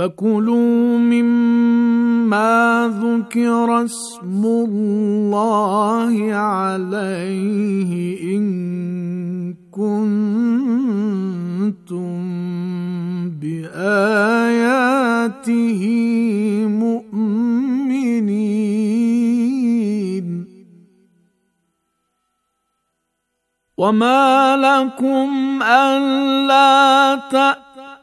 فكلوا مما ذكر اسم الله عليه إن كنتم بآياته مؤمنين وما لكم ألا تأتوا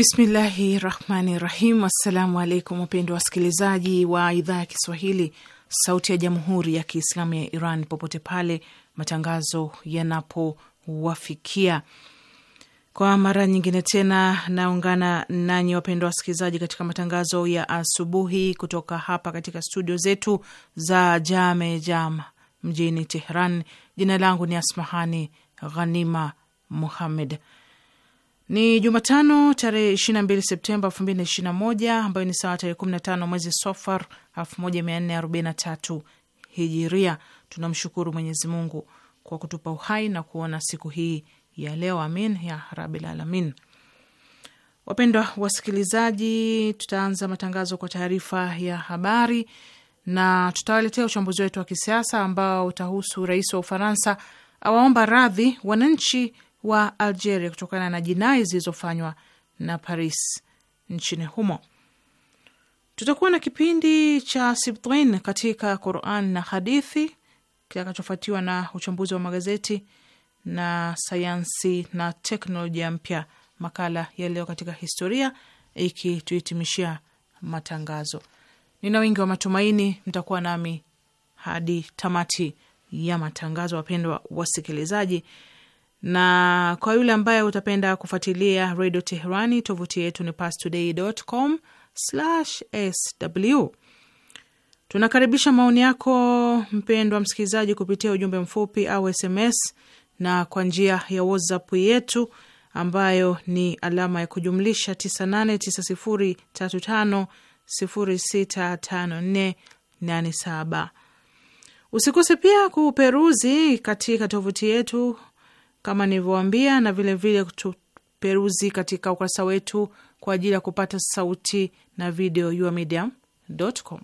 Bismillahi rahmani rahim. Assalamu alaikum wapendwa wasikilizaji wa idhaa ya Kiswahili sauti ya jamhuri ya Kiislamu ya Iran popote pale matangazo yanapowafikia. Kwa mara nyingine tena naungana nanyi wapendwa wasikilizaji, katika matangazo ya asubuhi kutoka hapa katika studio zetu za Jame Jam mjini Tehran. Jina langu ni Asmahani Ghanima Muhammed. Ni Jumatano tarehe 22 Septemba 2021 ambayo ni sawa tarehe 15 mwezi Sofar 1443 Hijiria. Tunamshukuru Mwenyezi Mungu kwa kutupa uhai na kuona siku hii ya leo, amin ya rabil alamin. Wapendwa wasikilizaji, tutaanza matangazo kwa taarifa ya habari na tutawaletea uchambuzi wetu wa kisiasa ambao utahusu rais wa Ufaransa awaomba radhi wananchi wa Algeria kutokana na jinai zilizofanywa na Paris nchini humo. Tutakuwa na kipindi cha Sibtin katika Quran na hadithi kitakachofuatiwa na uchambuzi wa magazeti na sayansi na teknolojia mpya, makala ya leo katika historia ikituhitimishia matangazo. Nina wingi wa matumaini mtakuwa nami hadi tamati ya matangazo, wapendwa wasikilizaji na kwa yule ambaye utapenda kufuatilia redio Teherani, tovuti yetu ni pastoday.com sw. Tunakaribisha maoni yako mpendwa msikilizaji, kupitia ujumbe mfupi au SMS na kwa njia ya WhatsApp yetu ambayo ni alama ya kujumlisha 989035065487. Usikose pia kuperuzi katika tovuti yetu kama nilivyowaambia, na vilevile tuperuzi katika ukurasa wetu kwa ajili ya kupata sauti na video umedium.com.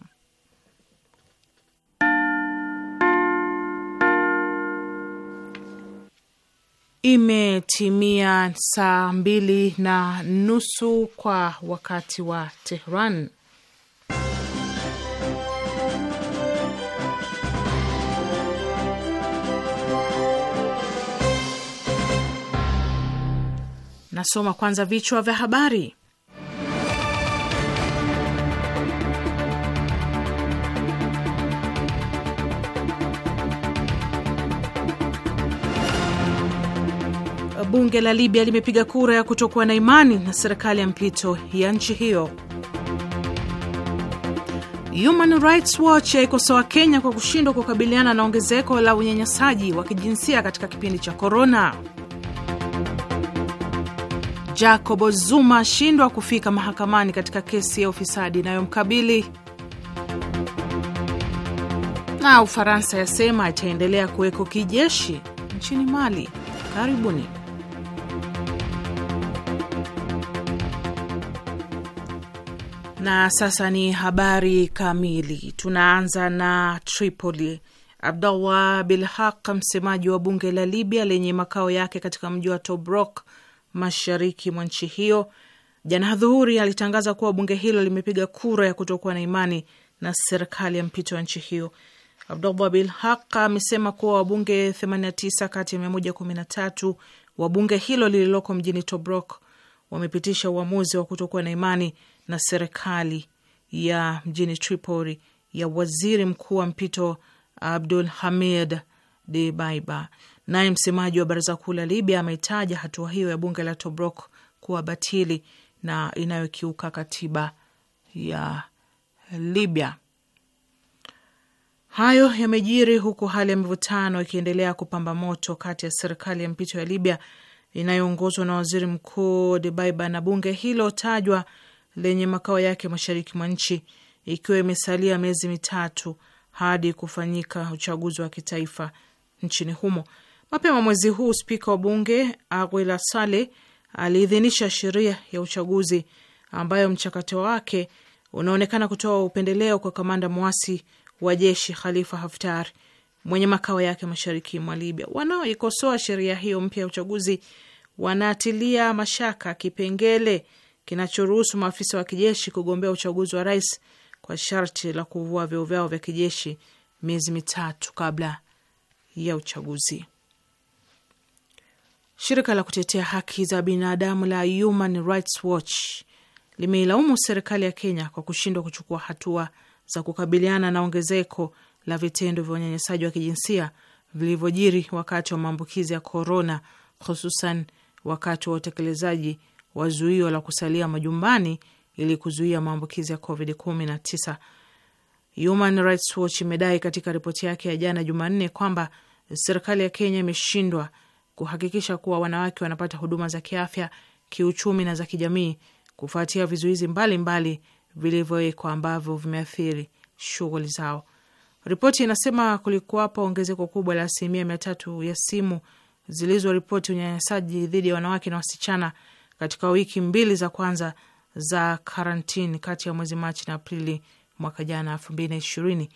Imetimia saa mbili na nusu kwa wakati wa Tehran Nasoma kwanza vichwa vya habari. Bunge la Libya limepiga kura ya kutokuwa na imani na serikali ya mpito ya nchi hiyo. Human Rights Watch yaikosoa Kenya kwa kushindwa kukabiliana na ongezeko la unyanyasaji wa kijinsia katika kipindi cha korona. Jacob Zuma ashindwa kufika mahakamani katika kesi ya ufisadi inayomkabili na Ufaransa yasema itaendelea kuweko kijeshi nchini Mali. Karibuni. Na sasa ni habari kamili. Tunaanza na Tripoli. Abdullah Bilhaq, msemaji wa bunge la Libya lenye makao yake katika mji wa Tobruk, mashariki mwa nchi hiyo jana dhuhuri alitangaza kuwa bunge hilo limepiga kura ya kutokuwa na imani na serikali ya mpito wa nchi hiyo. Abdullah Bil Haq amesema kuwa wabunge 89 kati ya 113 wa bunge hilo lililoko mjini Tobruk wamepitisha uamuzi wa kutokuwa na imani na serikali ya mjini Tripoli ya waziri mkuu wa mpito Abdul Hamid baiba Naye msemaji wa baraza kuu la Libya ametaja hatua hiyo ya bunge la Tobruk kuwa batili na inayokiuka katiba ya Libya. Hayo yamejiri huku hali ya mvutano ikiendelea kupamba moto kati ya serikali ya mpito ya Libya inayoongozwa na waziri mkuu Debaiba na bunge hilo tajwa lenye makao yake mashariki mwa nchi, ikiwa imesalia miezi mitatu hadi kufanyika uchaguzi wa kitaifa nchini humo. Mapema mwezi huu spika wa bunge Aguila Sale aliidhinisha sheria ya uchaguzi ambayo mchakato wake unaonekana kutoa upendeleo kwa kamanda mwasi wa jeshi Khalifa Haftar mwenye makao yake mashariki mwa Libya. Wanaoikosoa sheria hiyo mpya ya uchaguzi wanaatilia mashaka kipengele kinachoruhusu maafisa wa kijeshi kugombea uchaguzi wa rais kwa sharti la kuvua vyeo vyao vya kijeshi miezi mitatu kabla ya uchaguzi. Shirika la kutetea haki za binadamu la Human Rights Watch limeilaumu serikali ya Kenya kwa kushindwa kuchukua hatua za kukabiliana na ongezeko la vitendo vya unyanyasaji wa kijinsia vilivyojiri wakati wa maambukizi ya korona, hususan wakati wa utekelezaji wa zuio la kusalia majumbani ili kuzuia maambukizi ya COVID-19. Human Rights Watch imedai katika ripoti yake ya jana Jumanne kwamba serikali ya Kenya imeshindwa kuhakikisha kuwa wanawake wanapata huduma za kiafya, kiuchumi na za kijamii kufuatia vizuizi mbalimbali vilivyowekwa ambavyo vimeathiri shughuli zao. Ripoti inasema kulikuwapo ongezeko kubwa la asilimia mia tatu ya simu zilizoripoti unyanyasaji dhidi ya wanawake na wasichana katika wiki mbili za kwanza za karantini kati ya mwezi Machi na Aprili mwaka jana elfu mbili na ishirini.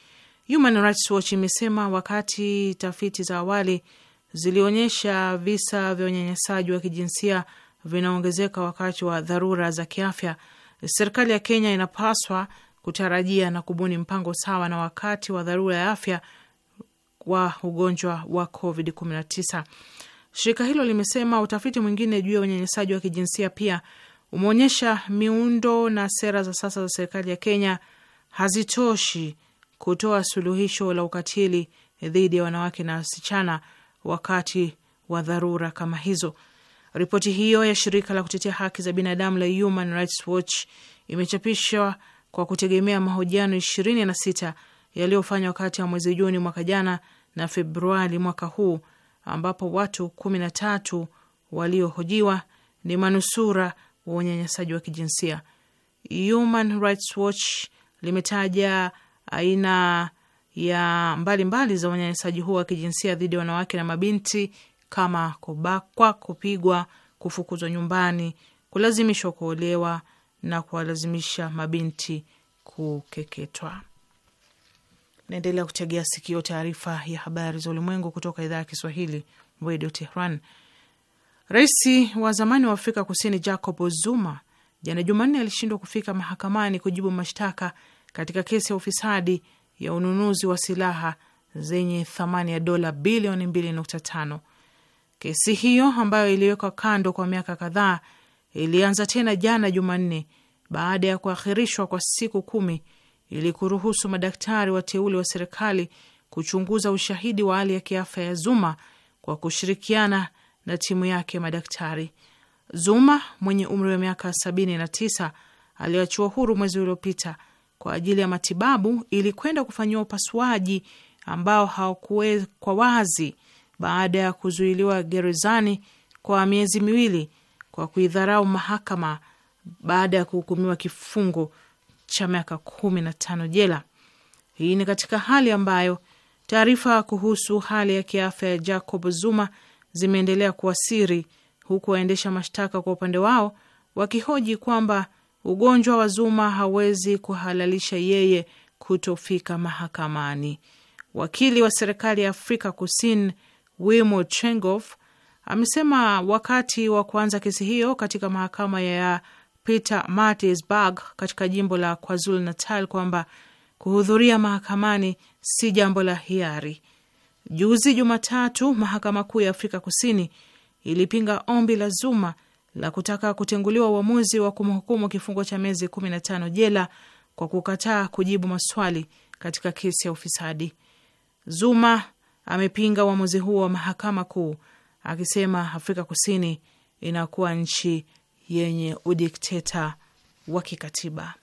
Human Rights Watch imesema wakati tafiti za awali zilionyesha visa vya unyanyasaji wa kijinsia vinaongezeka wakati wa dharura za kiafya, serikali ya Kenya inapaswa kutarajia na kubuni mpango sawa na wakati wa dharura ya afya wa ugonjwa wa COVID-19. Shirika hilo limesema utafiti mwingine juu ya unyanyasaji wa kijinsia pia umeonyesha miundo na sera za sasa za serikali ya Kenya hazitoshi kutoa suluhisho la ukatili dhidi ya wanawake na wasichana wakati wa dharura kama hizo. Ripoti hiyo ya shirika la kutetea haki za binadamu la Human Rights Watch imechapishwa kwa kutegemea mahojiano ishirini na sita yaliyofanywa wakati wa mwezi Juni mwaka jana na Februari mwaka huu, ambapo watu kumi na tatu waliohojiwa ni manusura wa unyanyasaji wa kijinsia. Human Rights Watch limetaja aina ya mbalimbali mbali za unyanyasaji huo wa kijinsia dhidi ya wanawake na mabinti kama kubakwa, kupigwa, kufukuzwa nyumbani, kulazimishwa kuolewa na kuwalazimisha mabinti kukeketwa. Naendelea kuchagia sikio taarifa ya habari za ulimwengu kutoka idhaa ya Kiswahili Radio Tehran. Rais wa zamani wa Afrika Kusini Jacob Zuma jana Jumanne alishindwa kufika mahakamani kujibu mashtaka katika kesi ya ufisadi ya ununuzi wa silaha zenye thamani ya dola bilioni 2.5. Kesi hiyo ambayo iliwekwa kando kwa miaka kadhaa ilianza tena jana Jumanne baada ya kuahirishwa kwa siku kumi ili kuruhusu madaktari wateule wa serikali kuchunguza ushahidi wa hali ya kiafya ya Zuma kwa kushirikiana na timu yake madaktari. Zuma mwenye umri wa miaka 79 aliachiwa huru mwezi uliopita kwa ajili ya matibabu ili kwenda kufanyiwa upasuaji ambao haukuwekwa wazi baada ya kuzuiliwa gerezani kwa miezi miwili kwa kuidharau mahakama baada ya kuhukumiwa kifungo cha miaka kumi na tano jela. Hii ni katika hali ambayo taarifa kuhusu hali ya kiafya ya Jacob Zuma zimeendelea kuwa siri, huku waendesha mashtaka kwa upande wao wakihoji kwamba Ugonjwa wa Zuma hawezi kuhalalisha yeye kutofika mahakamani. Wakili wa serikali ya Afrika Kusini Wimo chengof amesema wakati wa kuanza kesi hiyo katika mahakama ya Peter Martinsburg katika jimbo la KwaZulu Natal kwamba kuhudhuria mahakamani si jambo la hiari. Juzi Jumatatu, mahakama kuu ya Afrika Kusini ilipinga ombi la Zuma la kutaka kutenguliwa uamuzi wa kumhukumu kifungo cha miezi 15 jela kwa kukataa kujibu maswali katika kesi ya ufisadi. Zuma amepinga uamuzi huo wa mahakama kuu akisema Afrika Kusini inakuwa nchi yenye udikteta wa kikatiba.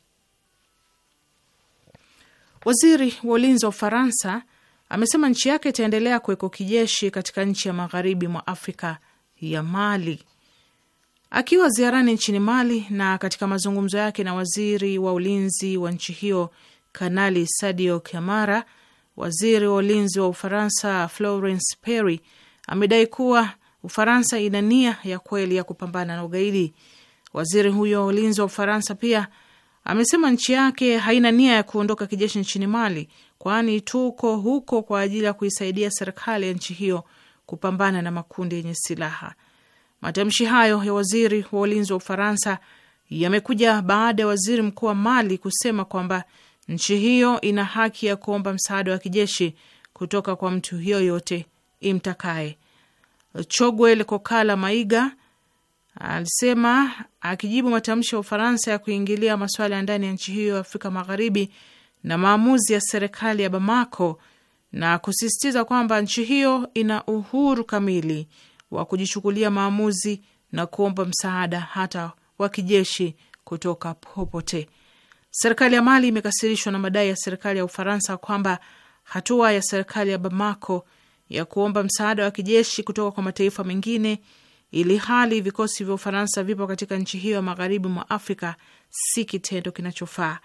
Waziri wa ulinzi wa Ufaransa amesema nchi yake itaendelea kuweko kijeshi katika nchi ya magharibi mwa Afrika ya Mali. Akiwa ziarani nchini Mali na katika mazungumzo yake na waziri wa ulinzi wa nchi hiyo Kanali Sadio Kamara, waziri wa ulinzi wa Ufaransa Florence Perry amedai kuwa Ufaransa ina nia ya kweli ya kupambana na ugaidi. Waziri huyo wa ulinzi wa Ufaransa pia amesema nchi yake haina nia ya kuondoka kijeshi nchini Mali, kwani tuko huko kwa ajili ya kuisaidia serikali ya nchi hiyo kupambana na makundi yenye silaha. Matamshi hayo ya waziri wa ulinzi wa Ufaransa yamekuja baada ya waziri mkuu wa Mali kusema kwamba nchi hiyo ina haki ya kuomba msaada wa kijeshi kutoka kwa mtu yoyote imtakaye. Choguel Kokala Maiga alisema akijibu matamshi ya Ufaransa ya kuingilia masuala ya ndani ya nchi hiyo ya Afrika Magharibi na maamuzi ya serikali ya Bamako na kusisitiza kwamba nchi hiyo ina uhuru kamili wa kujichukulia maamuzi na kuomba msaada hata wa kijeshi kutoka popote. Serikali ya Mali imekasirishwa na madai ya serikali ya Ufaransa kwamba hatua ya serikali ya Bamako ya kuomba msaada wa kijeshi kutoka kwa mataifa mengine, ili hali vikosi vya Ufaransa vipo katika nchi hiyo ya magharibi mwa Afrika, si kitendo kinachofaa.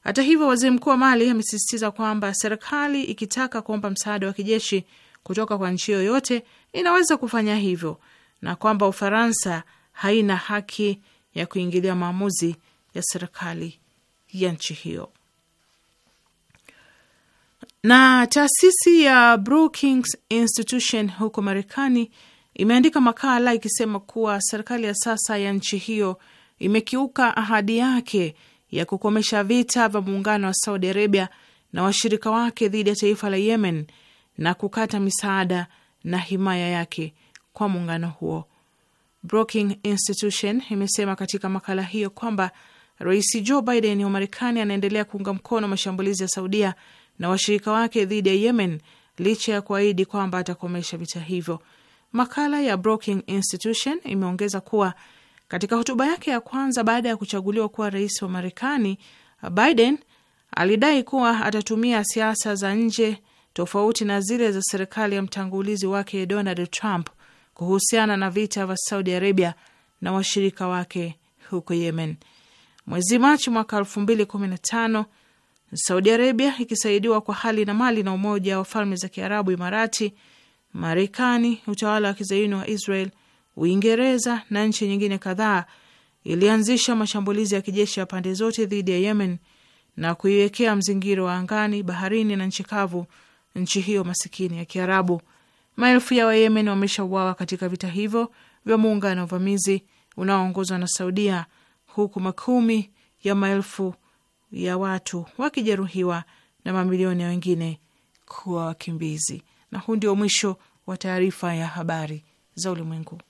Hata hivyo, waziri mkuu wa Mali amesisitiza kwamba serikali ikitaka kuomba msaada wa kijeshi kutoka kwa nchi yoyote inaweza kufanya hivyo na kwamba Ufaransa haina haki ya kuingilia maamuzi ya serikali ya nchi hiyo. Na taasisi ya Brookings Institution huko Marekani imeandika makala ikisema kuwa serikali ya sasa ya nchi hiyo imekiuka ahadi yake ya kukomesha vita vya muungano wa Saudi Arabia na washirika wake dhidi ya taifa la Yemen na kukata misaada na himaya yake kwa muungano huo. Brookings Institution imesema katika makala hiyo kwamba Rais Joe Biden wa Marekani anaendelea kuunga mkono mashambulizi ya Saudia na washirika wake dhidi ya Yemen licha ya kuahidi kwamba atakomesha vita hivyo. Makala ya Brookings Institution imeongeza kuwa katika hotuba yake ya kwanza baada ya kuchaguliwa kuwa rais wa Marekani, Biden alidai kuwa atatumia siasa za nje tofauti na zile za serikali ya mtangulizi wake Donald Trump kuhusiana na vita vya Saudi Arabia na washirika wake huko Yemen. Mwezi Machi mwaka elfu mbili kumi na tano Saudi Arabia ikisaidiwa kwa hali na mali na Umoja wa Falme za Kiarabu Imarati, Marekani, utawala wa kizayuni wa Israel, Uingereza na nchi nyingine kadhaa ilianzisha mashambulizi ya kijeshi ya pande zote dhidi ya Yemen na kuiwekea mzingiro wa angani, baharini na nchi kavu nchi hiyo masikini ya Kiarabu. Maelfu ya Wayemen wameshauawa katika vita hivyo vya muungano wa uvamizi unaoongozwa na Saudia, huku makumi ya maelfu ya watu wakijeruhiwa na mamilioni ya wengine kuwa wakimbizi. Na huu ndio mwisho wa taarifa ya habari za ulimwengu.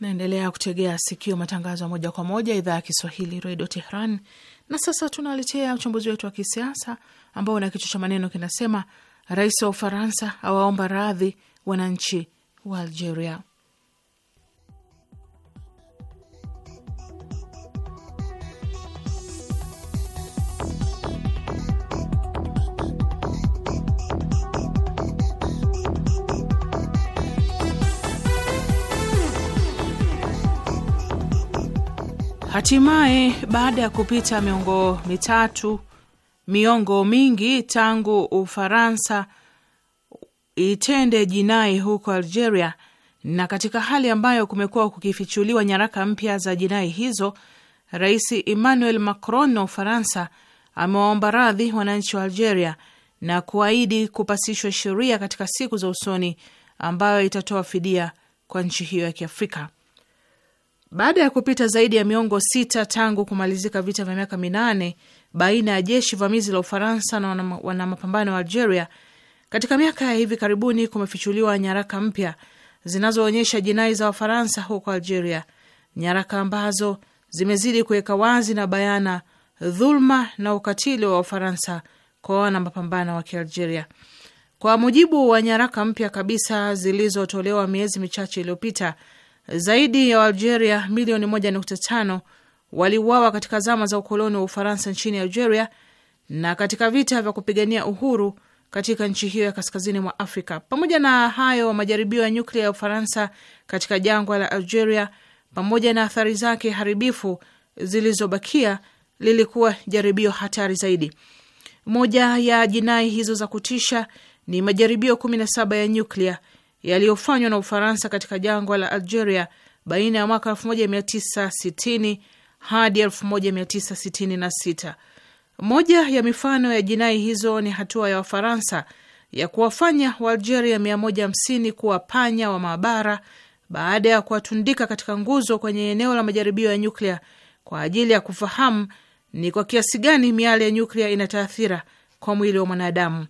Naendelea kutegea sikio matangazo ya moja kwa moja idhaa ya Kiswahili redio Tehran. Na sasa tunaletea uchambuzi wetu wa kisiasa ambao una kichwa cha maneno kinasema: Rais wa Ufaransa awaomba radhi wananchi wa Algeria. Hatimaye, baada ya kupita miongo mitatu, miongo mingi tangu Ufaransa itende jinai huko Algeria, na katika hali ambayo kumekuwa kukifichuliwa nyaraka mpya za jinai hizo, Rais Emmanuel Macron wa Ufaransa amewaomba radhi wananchi wa Algeria na kuahidi kupasishwa sheria katika siku za usoni ambayo itatoa fidia kwa nchi hiyo ya Kiafrika. Baada ya kupita zaidi ya miongo sita tangu kumalizika vita vya miaka minane baina ya jeshi vamizi la Ufaransa na wanamapambano wa Algeria, katika miaka ya hivi karibuni kumefichuliwa nyaraka mpya zinazoonyesha jinai za Wafaransa huko Algeria, nyaraka ambazo zimezidi kuweka wazi na bayana dhuluma na ukatili wa Wafaransa kwa wanamapambano wa Kialgeria. Kwa mujibu wa nyaraka mpya kabisa zilizotolewa miezi michache iliyopita zaidi ya Waalgeria milioni 1.5 waliuawa katika zama za ukoloni wa Ufaransa nchini Algeria na katika vita vya kupigania uhuru katika nchi hiyo ya kaskazini mwa Afrika. Pamoja na hayo, majaribio ya nyuklia ya Ufaransa katika jangwa la Algeria, pamoja na athari zake haribifu zilizobakia, lilikuwa jaribio hatari zaidi. Moja ya jinai hizo za kutisha ni majaribio 17 ya nyuklia yaliyofanywa na Ufaransa katika jangwa la Algeria baina ya mwaka 1960 hadi 1966. Moja ya mifano ya jinai hizo ni hatua ya Wafaransa ya kuwafanya Waalgeria 150 kuwa panya wa maabara baada ya kuwatundika katika nguzo kwenye eneo la majaribio ya nyuklia kwa ajili ya kufahamu ni kwa kiasi gani miale ya nyuklia ina taathira kwa mwili wa mwanadamu.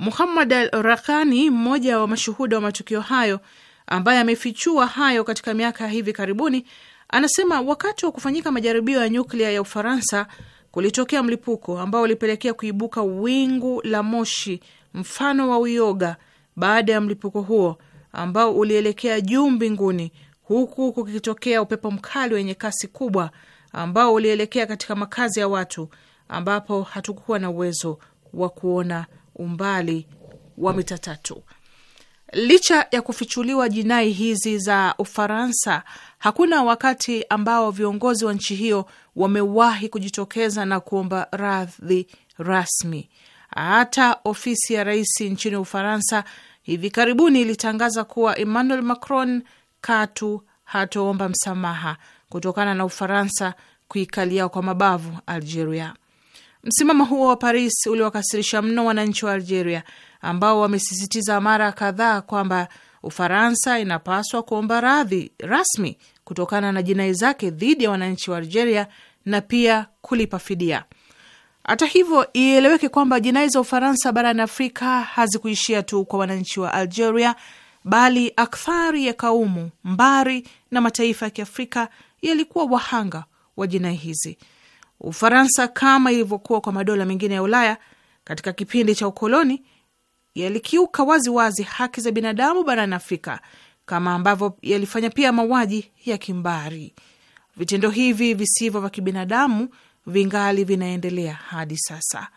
Muhammad al Rakani, mmoja wa mashuhuda wa matukio hayo, ambaye amefichua hayo katika miaka ya hivi karibuni, anasema wakati wa kufanyika majaribio ya nyuklia ya Ufaransa kulitokea mlipuko ambao ulipelekea kuibuka wingu la moshi mfano wa uyoga baada ya mlipuko huo ambao ulielekea juu mbinguni, huku kukitokea upepo mkali wenye kasi kubwa ambao ulielekea katika makazi ya watu ambapo hatukuwa na uwezo wa kuona umbali wa mita tatu. Licha ya kufichuliwa jinai hizi za Ufaransa, hakuna wakati ambao viongozi wa nchi hiyo wamewahi kujitokeza na kuomba radhi rasmi. Hata ofisi ya rais nchini Ufaransa hivi karibuni ilitangaza kuwa Emmanuel Macron katu hatoomba msamaha kutokana na Ufaransa kuikalia kwa mabavu Algeria. Msimamo huo wa Paris uliwakasirisha mno wananchi wa Algeria ambao wamesisitiza mara kadhaa kwamba Ufaransa inapaswa kuomba radhi rasmi kutokana na jinai zake dhidi ya wananchi wa Algeria na pia kulipa fidia. Hata hivyo, ieleweke kwamba jinai za Ufaransa barani Afrika hazikuishia tu kwa wananchi wa Algeria, bali akthari ya kaumu, mbari na mataifa ya Kiafrika yalikuwa wahanga wa jinai hizi. Ufaransa kama ilivyokuwa kwa madola mengine ya Ulaya katika kipindi cha ukoloni yalikiuka waziwazi haki za binadamu barani Afrika kama ambavyo yalifanya pia mauaji ya kimbari. Vitendo hivi visivyo vya kibinadamu vingali vinaendelea hadi sasa.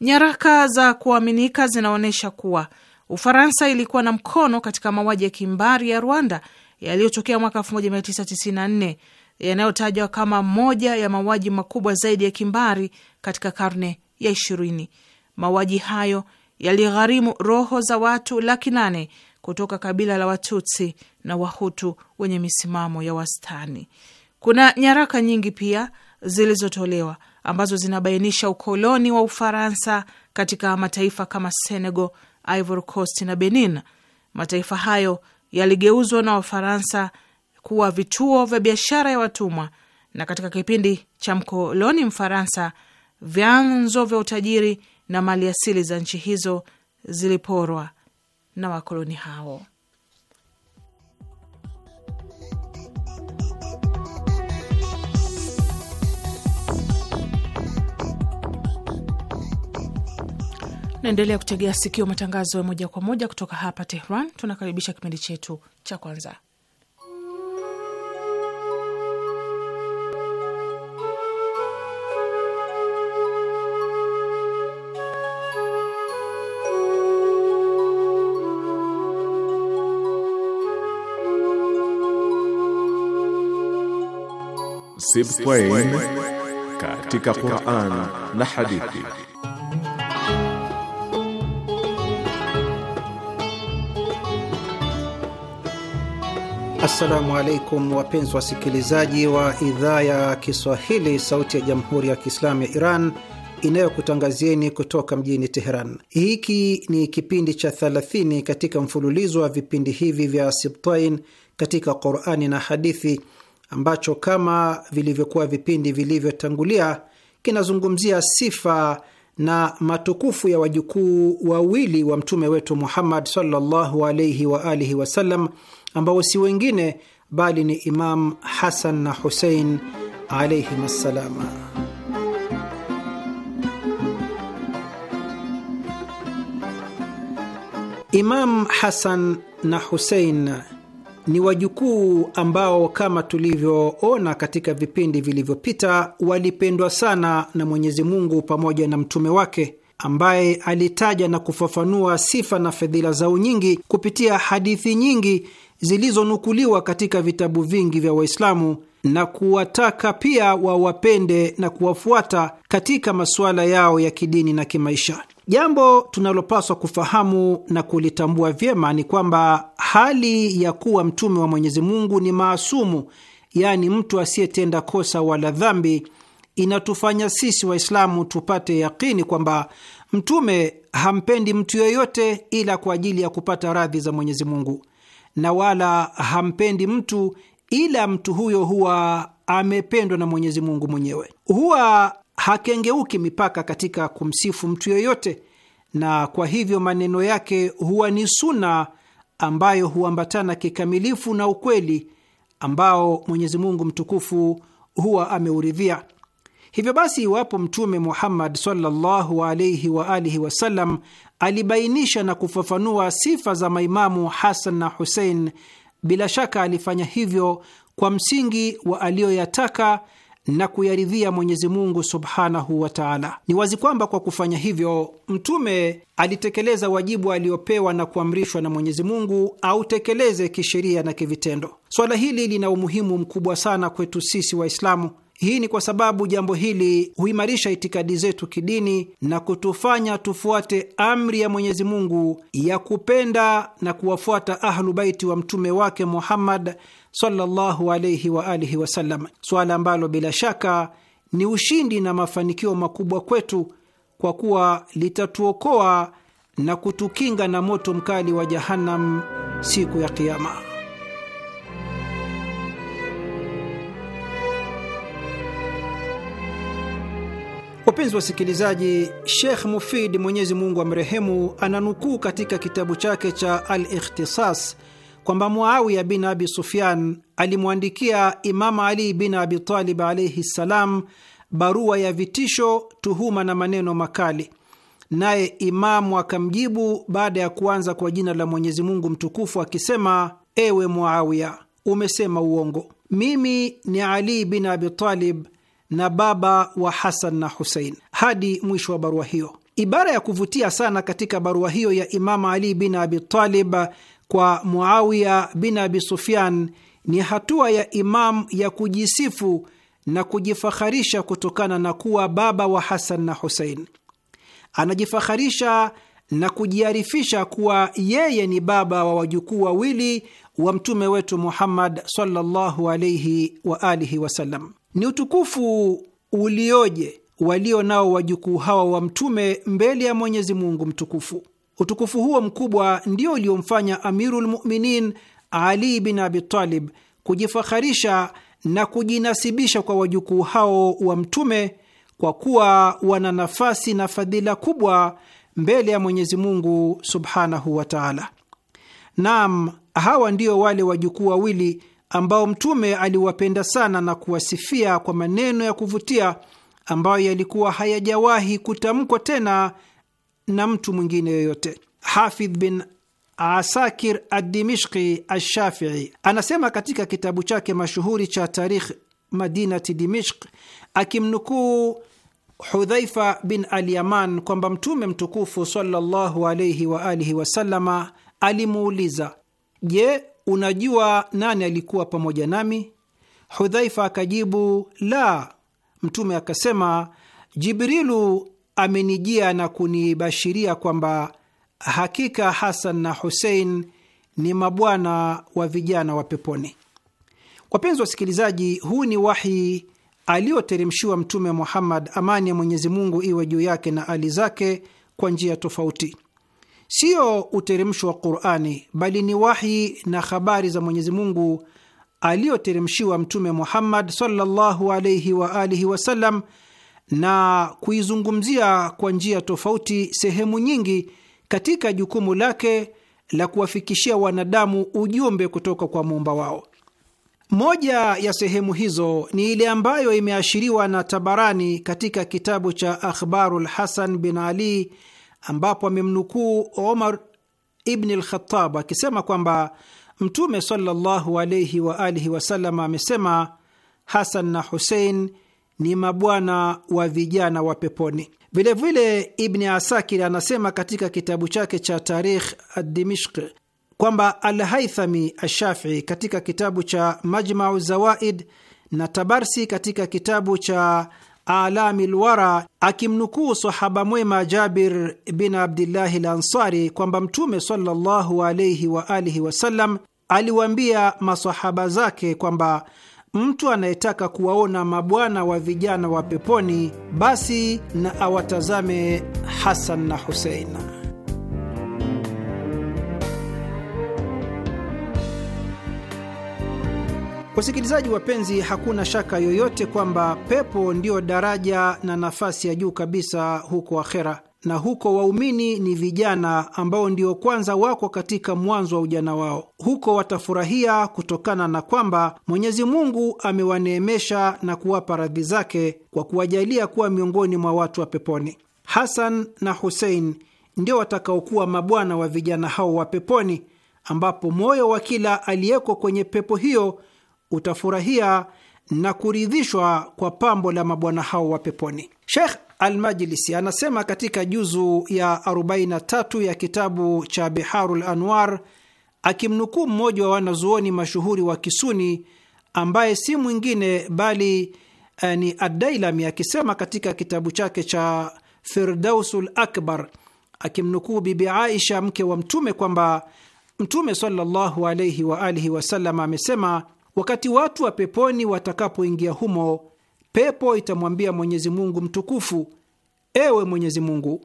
Nyaraka za kuaminika zinaonyesha kuwa Ufaransa ilikuwa na mkono katika mauaji ya kimbari ya Rwanda yaliyotokea mwaka 1994 yanayotajwa kama moja ya mauaji makubwa zaidi ya kimbari katika karne ya ishirini. Mauaji hayo yaligharimu roho za watu laki nane kutoka kabila la Watutsi na Wahutu wenye misimamo ya wastani. Kuna nyaraka nyingi pia zilizotolewa ambazo zinabainisha ukoloni wa Ufaransa katika mataifa kama Senegal, Ivory Coast na Benin. Mataifa hayo yaligeuzwa na Wafaransa kuwa vituo vya biashara ya watumwa, na katika kipindi cha mkoloni Mfaransa vyanzo vya utajiri na mali asili za nchi hizo ziliporwa na wakoloni hao. Naendelea kutegea sikio matangazo ya moja kwa moja kutoka hapa Tehran. Tunakaribisha kipindi chetu cha kwanza Sibtain katika Qur'an na hadithi. Assalamu alaikum wapenzi wasikilizaji wa idhaa ya Kiswahili sauti ya Jamhuri ya Kiislamu ya Iran inayokutangazieni kutoka mjini Teheran. Hiki ni kipindi cha 30 katika mfululizo wa vipindi hivi vya Sibtain katika Qur'ani na hadithi ambacho kama vilivyokuwa vipindi vilivyotangulia kinazungumzia sifa na matukufu ya wajukuu wawili wa mtume wetu Muhammad sallallahu alaihi wa alihi wasallam ambao si wengine bali ni Imam Hasan na Husein alaihim assalama. Imam Hasan na Husein ni wajukuu ambao kama tulivyoona katika vipindi vilivyopita walipendwa sana na Mwenyezi Mungu pamoja na mtume wake ambaye alitaja na kufafanua sifa na fadhila zao nyingi kupitia hadithi nyingi zilizonukuliwa katika vitabu vingi vya Waislamu na kuwataka pia wawapende na kuwafuata katika masuala yao ya kidini na kimaisha. Jambo tunalopaswa kufahamu na kulitambua vyema ni kwamba hali ya kuwa mtume wa Mwenyezi Mungu ni maasumu, yaani mtu asiyetenda kosa wala dhambi, inatufanya sisi Waislamu tupate yakini kwamba mtume hampendi mtu yoyote ila kwa ajili ya kupata radhi za Mwenyezi Mungu, na wala hampendi mtu ila mtu huyo huwa amependwa na Mwenyezi Mungu mwenyewe. Huwa hakengeuki mipaka katika kumsifu mtu yoyote, na kwa hivyo maneno yake huwa ni suna ambayo huambatana kikamilifu na ukweli ambao Mwenyezi Mungu mtukufu huwa ameuridhia. Hivyo basi, iwapo Mtume Muhammad sallallahu wa alihi wasallam alibainisha na kufafanua sifa za maimamu Hasan na Husein, bila shaka alifanya hivyo kwa msingi wa aliyoyataka na kuyaridhia Mwenyezi Mungu subhanahu wa taala. Ni wazi kwamba kwa kufanya hivyo mtume alitekeleza wajibu aliopewa na kuamrishwa na Mwenyezi Mungu autekeleze kisheria na kivitendo. Swala hili lina umuhimu mkubwa sana kwetu sisi Waislamu. Hii ni kwa sababu jambo hili huimarisha itikadi zetu kidini na kutufanya tufuate amri ya Mwenyezi Mungu ya kupenda na kuwafuata Ahlubaiti wa mtume wake Muhammad sallallahu alayhi wa alihi wasallam, suala ambalo bila shaka ni ushindi na mafanikio makubwa kwetu kwa kuwa litatuokoa na kutukinga na moto mkali wa Jahannam siku ya Kiyama. Wapenzi wasikilizaji, Shekh Mufid, Mwenyezi Mungu amrehemu, ananukuu katika kitabu chake cha Al-Ikhtisas kwamba Muawiya bin Abi Sufyan alimwandikia Imama Ali bin Abi Talib alaihi ssalam barua ya vitisho, tuhuma na maneno makali, naye Imamu akamjibu baada ya kuanza kwa jina la Mwenyezi Mungu Mtukufu akisema: ewe Muawiya, umesema uongo. Mimi ni Ali bin Abi Talib na baba wa Hasan na Husein, hadi mwisho wa barua hiyo. Ibara ya kuvutia sana katika barua hiyo ya Imamu Ali bin Abi Talib kwa Muawiya bin Abi Sufyan ni hatua ya Imam ya kujisifu na kujifaharisha kutokana na kuwa baba wa Hasan na Husein. Anajifaharisha na kujiarifisha kuwa yeye ni baba wa wajukuu wawili wa mtume wetu Muhammad sallallahu alaihi wa alihi wasallam. Ni utukufu ulioje walio nao wajukuu hawa wa mtume mbele ya Mwenyezi Mungu mtukufu. Utukufu huo mkubwa ndio uliomfanya Amirul Muminin Ali bin Abitalib kujifaharisha na kujinasibisha kwa wajukuu hao wa Mtume, kwa kuwa wana nafasi na fadhila kubwa mbele ya Mwenyezi Mungu subhanahu wa taala. Naam, hawa ndio wale wajukuu wawili ambao Mtume aliwapenda sana na kuwasifia kwa maneno ya kuvutia ambayo yalikuwa hayajawahi kutamkwa tena na mtu mwingine yoyote. Hafidh bin Asakir Adimishki Ashafii anasema katika kitabu chake mashuhuri cha Tarikh Madinati Dimishk akimnukuu Hudhaifa bin Alyaman kwamba Mtume mtukufu sallallahu alaihi wa alihi wasalama alimuuliza, Je, unajua nani alikuwa pamoja nami? Hudhaifa akajibu la. Mtume akasema, Jibrilu amenijia na kunibashiria kwamba hakika Hasan na Husein ni mabwana wa vijana wa peponi. Wapenzi wasikilizaji, huu ni wahi aliyoteremshiwa Mtume Muhammad, amani ya Mwenyezi Mungu iwe juu yake na ali zake, kwa njia tofauti. Siyo uteremsho wa Qurani, bali ni wahi na habari za Mwenyezi Mungu aliyoteremshiwa Mtume Muhammad sallallahu alaihi wa alihi wasallam na kuizungumzia kwa njia tofauti sehemu nyingi katika jukumu lake la kuwafikishia wanadamu ujumbe kutoka kwa muumba wao. Moja ya sehemu hizo ni ile ambayo imeashiriwa na Tabarani katika kitabu cha Akhbarul Hasan bin Ali, ambapo amemnukuu Omar ibni Lkhatab akisema kwamba Mtume sallallahu alayhi wa alihi wasallam amesema, Hasan na Husein ni mabwana wa vijana wa peponi. Vilevile Ibni Asakir anasema katika kitabu chake cha Tarikh Adimishk kwamba Alhaithami Ashafii katika kitabu cha Majmau Zawaid na Tabarsi katika kitabu cha Alami Lwara akimnukuu sahaba mwema Jabir bin Abdillahi Lansari kwamba Mtume sallallahu alaihi waalihi wasallam aliwaambia masahaba zake kwamba Mtu anayetaka kuwaona mabwana wa vijana wa peponi, basi na awatazame Hasan na Husein. Wasikilizaji wapenzi, hakuna shaka yoyote kwamba pepo ndiyo daraja na nafasi ya juu kabisa huko akhera na huko waumini ni vijana ambao ndio kwanza wako katika mwanzo wa ujana wao. Huko watafurahia kutokana na kwamba Mwenyezi Mungu amewaneemesha na kuwapa radhi zake kwa kuwajalia kuwa miongoni mwa watu wa peponi. Hasan na Husein ndio watakaokuwa mabwana wa vijana hao wa peponi, ambapo moyo wa kila aliyeko kwenye pepo hiyo utafurahia na kuridhishwa kwa pambo la mabwana hao wa peponi. Sheikh Almajlisi anasema katika juzu ya 43 ya kitabu cha Biharul Anwar, akimnukuu mmoja wa wanazuoni mashuhuri wa Kisuni ambaye si mwingine bali eh, ni Adailami akisema katika kitabu chake cha Firdausul Akbar akimnukuu Bibi Aisha mke wa Mtume kwamba Mtume sallallahu alaihi waalihi wasallam amesema, wakati watu wa peponi watakapoingia humo Pepo itamwambia Mwenyezi Mungu mtukufu, ewe Mwenyezi Mungu,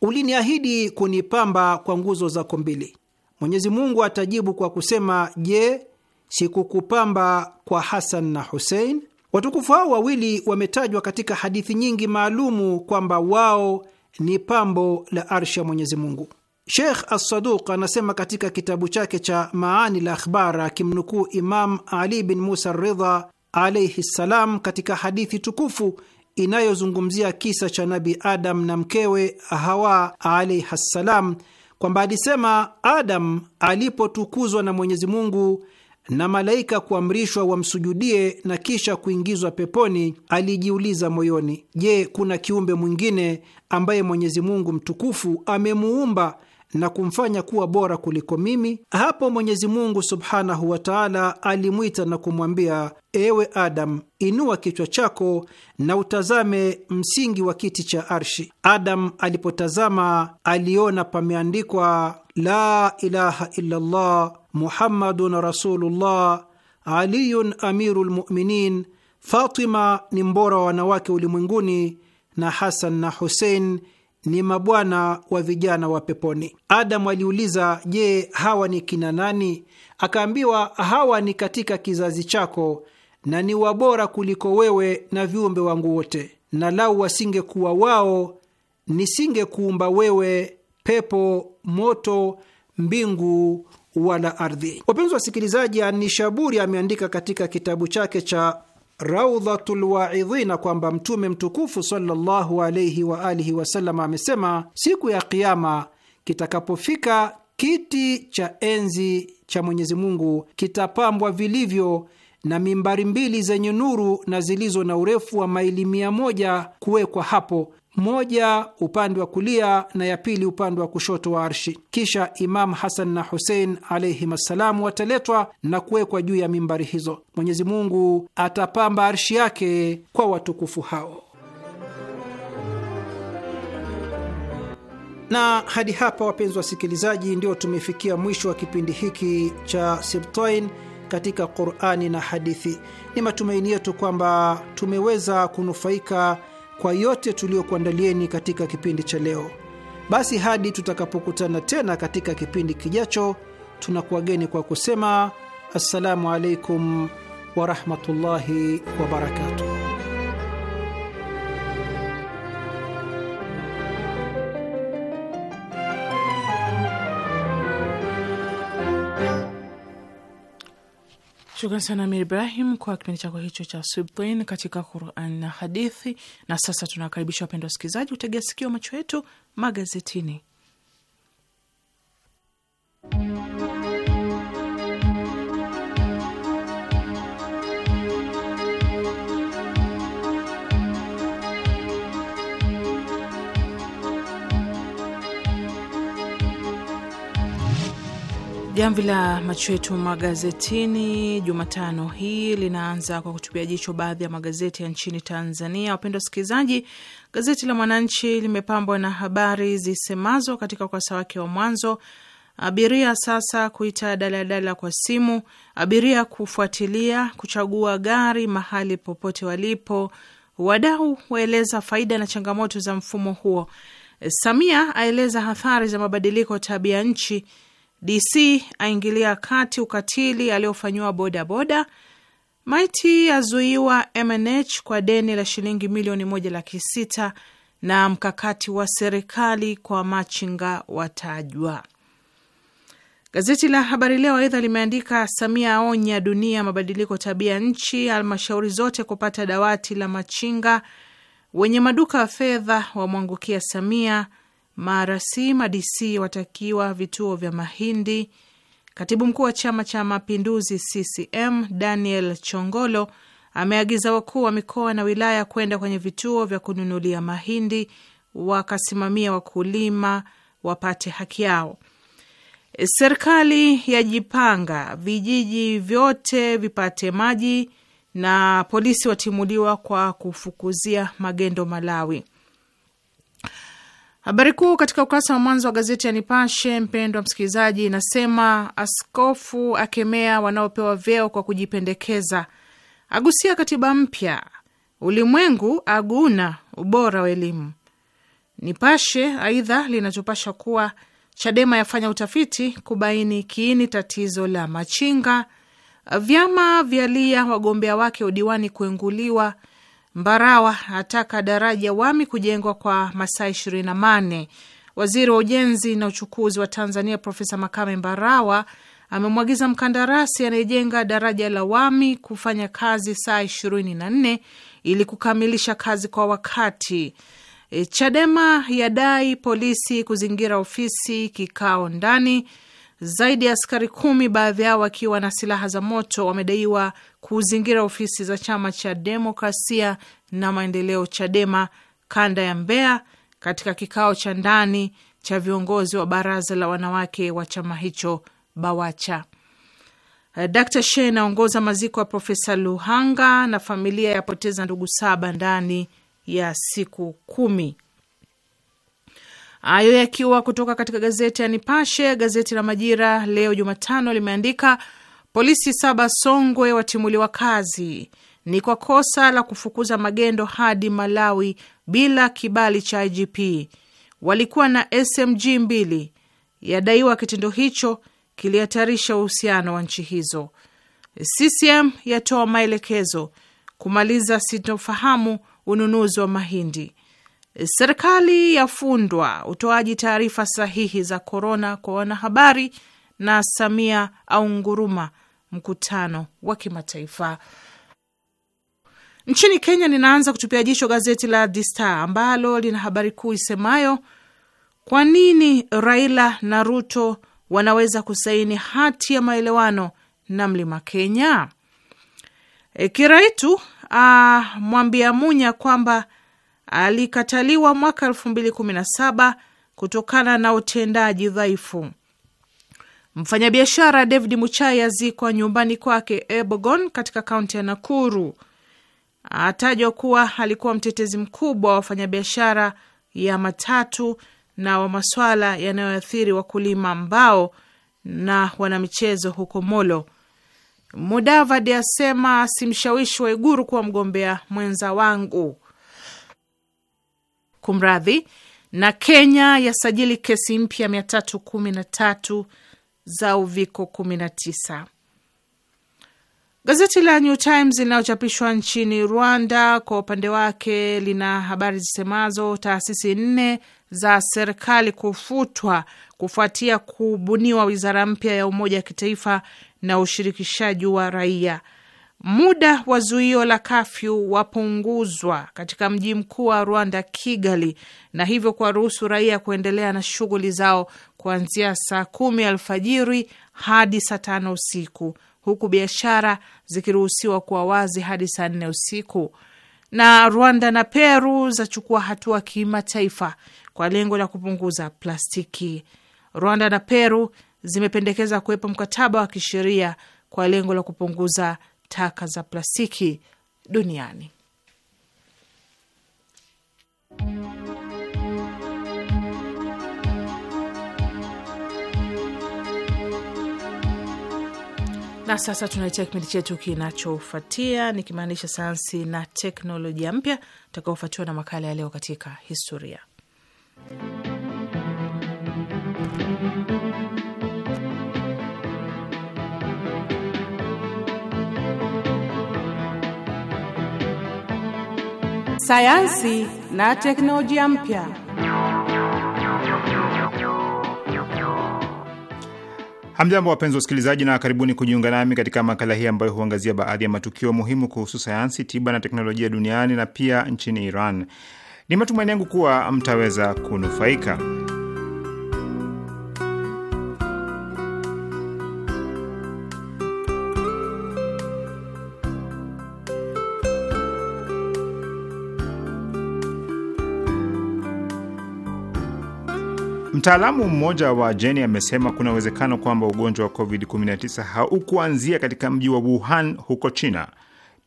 uliniahidi kunipamba kwa nguzo zako mbili. Mwenyezi Mungu atajibu kwa kusema, je, sikukupamba kwa Hasan na Husein? Watukufu hao wawili wametajwa katika hadithi nyingi maalumu kwamba wao ni pambo la arshi ya Mwenyezi Mungu. Sheikh Assaduq anasema katika kitabu chake cha Maani la Akhbar, akimnukuu Imam Ali bin Musa Ridha alaihi ssalam katika hadithi tukufu inayozungumzia kisa cha Nabi Adam na mkewe Hawa alaiha ssalam kwamba alisema, Adam alipotukuzwa na Mwenyezi Mungu na malaika kuamrishwa wamsujudie na kisha kuingizwa peponi, alijiuliza moyoni, je, kuna kiumbe mwingine ambaye Mwenyezi Mungu mtukufu amemuumba na kumfanya kuwa bora kuliko mimi, hapo Mwenyezi Mungu subhanahu wa taala alimwita na kumwambia, ewe Adam, inua kichwa chako na utazame msingi wa kiti cha arshi. Adam alipotazama aliona pameandikwa la ilaha illallah muhammadun rasulullah aliyun amiru lmuminin, Fatima ni mbora wa wanawake ulimwenguni, na Hasan na Husein ni mabwana wa vijana wa peponi. Adamu aliuliza, je, hawa ni kina nani? Akaambiwa, hawa ni katika kizazi chako na ni wabora kuliko wewe na viumbe wangu wote, na lau wasingekuwa wao nisingekuumba wewe, pepo, moto, mbingu wala ardhi. Wapenzi wasikilizaji, Anishaburi ameandika katika kitabu chake cha Raudhatul Waidhina kwamba Mtume mtukufu sallallahu alaihi wa alihi wasallam amesema, siku ya Kiama kitakapofika kiti cha enzi cha Mwenyezi Mungu kitapambwa vilivyo na mimbari mbili zenye nuru na zilizo na urefu wa maili mia moja kuwekwa hapo moja upande wa kulia na ya pili upande wa kushoto wa arshi. Kisha Imam Hasan na Husein alayhim assalamu wataletwa na kuwekwa juu ya mimbari hizo. Mwenyezi Mungu atapamba arshi yake kwa watukufu hao. Na hadi hapa, wapenzi wasikilizaji, ndio tumefikia mwisho wa kipindi hiki cha Sibtain katika Qurani na Hadithi. Ni matumaini yetu kwamba tumeweza kunufaika kwa yote tuliyokuandalieni katika kipindi cha leo. Basi hadi tutakapokutana tena katika kipindi kijacho, tunakuwageni kwa kusema assalamu alaikum warahmatullahi wabarakatuh. Shukran sana Amir Ibrahim kwa kipindi chako hicho cha Subtin katika Quran na hadithi. Na sasa tunawakaribisha wapendwa wasikilizaji, utegea sikio macho yetu magazetini. Jamvi la macho yetu magazetini Jumatano hii linaanza kwa kutupia jicho baadhi ya magazeti ya nchini Tanzania. Wapendwa wasikilizaji, gazeti la Mwananchi limepambwa na habari zisemazo katika ukurasa wake wa mwanzo: abiria sasa kuita daladala kwa simu, abiria kufuatilia kuchagua gari mahali popote walipo, wadau waeleza faida na changamoto za mfumo huo, Samia aeleza athari za mabadiliko tabia nchi DC aingilia kati ukatili aliofanyiwa bodaboda. Maiti azuiwa MNH kwa deni la shilingi milioni moja laki sita na mkakati wa serikali kwa machinga watajwa. Gazeti la Habari Leo aidha limeandika Samia aonya dunia mabadiliko tabia nchi, halmashauri zote kupata dawati la machinga, wenye maduka ya fedha wamwangukia Samia, Marasi madc watakiwa vituo vya mahindi. Katibu mkuu wa chama cha mapinduzi CCM Daniel Chongolo ameagiza wakuu wa mikoa na wilaya kwenda kwenye vituo vya kununulia mahindi wakasimamia wakulima wapate haki yao. Serikali yajipanga, vijiji vyote vipate maji, na polisi watimuliwa kwa kufukuzia magendo Malawi. Habari kuu katika ukurasa wa mwanzo wa gazeti ya Nipashe, mpendwa msikilizaji, inasema askofu akemea wanaopewa vyeo kwa kujipendekeza, agusia katiba mpya, ulimwengu aguna ubora wa elimu. Nipashe aidha linatupasha kuwa Chadema yafanya utafiti kubaini kiini tatizo la machinga, vyama vyalia wagombea wake udiwani kuenguliwa Mbarawa ataka daraja Wami kujengwa kwa masaa ishirini na Waziri wa ujenzi na uchukuzi wa Tanzania Profesa Makame Mbarawa amemwagiza mkandarasi anayejenga daraja la Wami kufanya kazi saa ishirini na nne ili kukamilisha kazi kwa wakati. E, Chadema yadai polisi kuzingira ofisi kikao ndani zaidi ya askari kumi, baadhi yao wakiwa na silaha za moto, wamedaiwa kuzingira ofisi za chama cha demokrasia na maendeleo CHADEMA kanda ya Mbeya katika kikao cha ndani cha viongozi wa baraza la wanawake wa chama hicho BAWACHA. Eh, Dr Shein aongoza maziko ya Profesa Luhanga na familia yapoteza ndugu saba ndani ya siku kumi. Hayo yakiwa kutoka katika gazeti ya Nipashe. Gazeti la Majira leo Jumatano limeandika polisi saba Songwe watimuliwa kazi ni kwa kosa la kufukuza magendo hadi Malawi bila kibali cha IGP. Walikuwa na SMG mbili, yadaiwa kitendo hicho kilihatarisha uhusiano wa nchi hizo. CCM yatoa maelekezo kumaliza sitofahamu ununuzi wa mahindi. Serikali yafundwa utoaji taarifa sahihi za korona kwa wanahabari, na Samia au nguruma mkutano wa kimataifa. Nchini Kenya, ninaanza kutupia jicho gazeti la The Star ambalo lina habari kuu isemayo kwa nini Raila na Ruto wanaweza kusaini hati ya maelewano na Mlima Kenya. E, Kiraitu amwambia ah, Munya kwamba alikataliwa mwaka 217 kutokana na utendaji dhaifu. Mfanyabiashara David Muchai azikwa nyumbani kwake Ebogon katika kaunti ya Nakuru. Atajwa kuwa alikuwa mtetezi mkubwa wa wafanyabiashara ya matatu na wa maswala yanayoathiri wakulima mbao na wanamichezo huko Molo. Mudavadi asema simshawishi Waiguru kuwa mgombea mwenza wangu kumradhi. Na Kenya yasajili kesi mpya mia tatu kumi na tatu za uviko 19. Gazeti la New Times linalochapishwa nchini Rwanda kwa upande wake lina habari zisemazo taasisi nne za serikali kufutwa kufuatia kubuniwa wizara mpya ya umoja wa kitaifa na ushirikishaji wa raia. Muda wa zuio la kafyu wapunguzwa katika mji mkuu wa Rwanda, Kigali, na hivyo kuwaruhusu raia kuendelea na shughuli zao kuanzia saa kumi alfajiri hadi saa tano usiku, huku biashara zikiruhusiwa kuwa wazi hadi saa nne usiku. Na Rwanda na Peru zachukua hatua kimataifa kwa lengo la kupunguza plastiki. Rwanda na Peru zimependekeza kuwepo mkataba wa kisheria kwa lengo la kupunguza taka za plastiki duniani. Na sasa tunaletea kipindi chetu kinachofuatia, nikimaanisha sayansi na teknolojia mpya, utakaofuatiwa na makala ya leo katika historia. sayansi na teknolojia mpya. Hamjambo, wapenzi wasikilizaji, na karibuni kujiunga nami katika makala hii ambayo huangazia baadhi ya matukio muhimu kuhusu sayansi, tiba na teknolojia duniani na pia nchini Iran. Ni matumaini yangu kuwa mtaweza kunufaika. Mtaalamu mmoja wa jeni amesema kuna uwezekano kwamba ugonjwa wa COVID-19 haukuanzia katika mji wa Wuhan huko China.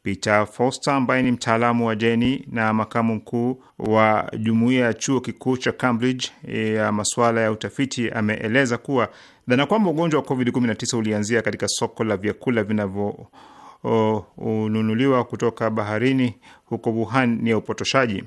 Peter Foster ambaye ni mtaalamu wa jeni na makamu mkuu wa jumuiya ya chuo kikuu cha Cambridge eh, ya masuala ya utafiti ameeleza kuwa dhana kwamba ugonjwa wa COVID-19 ulianzia katika soko la vyakula vinavyonunuliwa oh, kutoka baharini huko Wuhan ni ya upotoshaji.